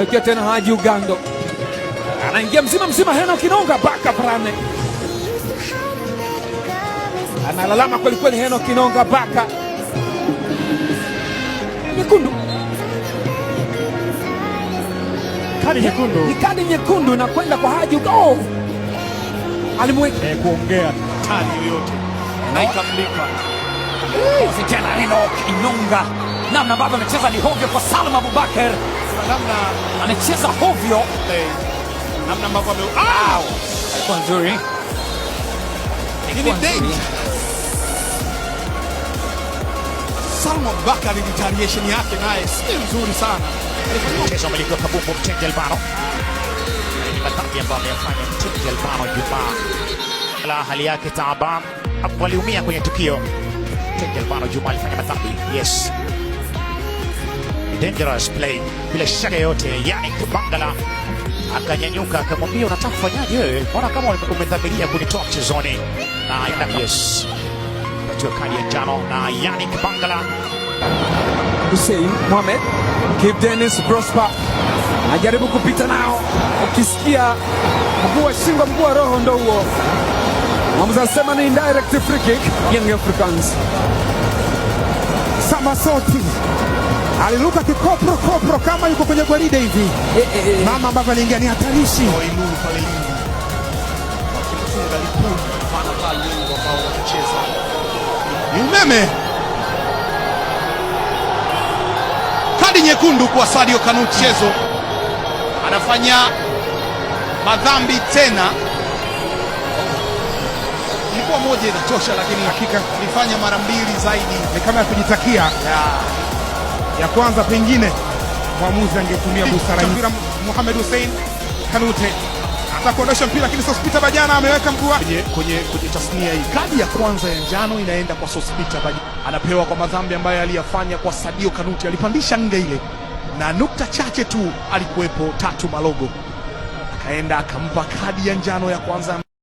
Nakia tena Haji Ugando anaingia mzima mzima, hena Kinonga baka prane analalama kweli kweli, heno Kinonga baka nyekundu, kadi nyekundu, ni kadi nyekundu inakwenda kwa Haji Ugando. Oh! Alimweka eh, kuongea tani yote na ikamlipa tena heno Kinonga, namna baba amecheza ni hovyo kwa Salma Abubakar kwa namna anacheza hovyo, namna ambavyo alikuwa nzuri, lakini Salma Bakar retaliation yake naye si nzuri sana. Mchezo umelikiwa kabumbu Mchenjelbano madhambi ambayo ameyafanya Mchenjelbano Jumaa la hali yake taabam, waliumia kwenye tukio. Mchenjelbano Jumaa alifanya madhambi yes dangerous play bila shaka yote Yannick Mangala akanyanyuka akamwambia, unataka kufanyaje wewe? Mbona kama umedhamiria kunitoa mchezoni? Na yes, patiwa kadi ya njano na Yannick Mangala. Hussein Mohamed Kibu Denis Prosper anajaribu kupita nao, ukisikia mguu wa shingo, mguu wa roho ndo huo. Mwamuzi anasema ni indirect free kick, Young Africans. Samasoti aliruka kikopro kopro kama yuko kwenye gwaride hivi e, e, e. Mama ambavyo aliingia ni hatarishi ni umeme. Kadi nyekundu kwa Sadio Kanu, mchezo anafanya madhambi tena. Ilikuwa moja inatosha, lakini hakika ilifanya mara mbili zaidi, ni kama ya kujitakia yeah ya kwanza, pengine mwamuzi angetumia busara nyingine. Mohamed Hussein Kanute atakuondosha mpira, lakini Sospita Bajana ameweka mguu wake kwenye kwenye tasnia hii. Kadi ya kwanza ya njano inaenda kwa Sospita Bajana, anapewa kwa madhambi ambayo aliyafanya kwa Sadio Kanute. Alipandisha nge ile na nukta chache tu alikuwepo Tatu Malogo, akaenda akampa kadi ya njano ya kwanza.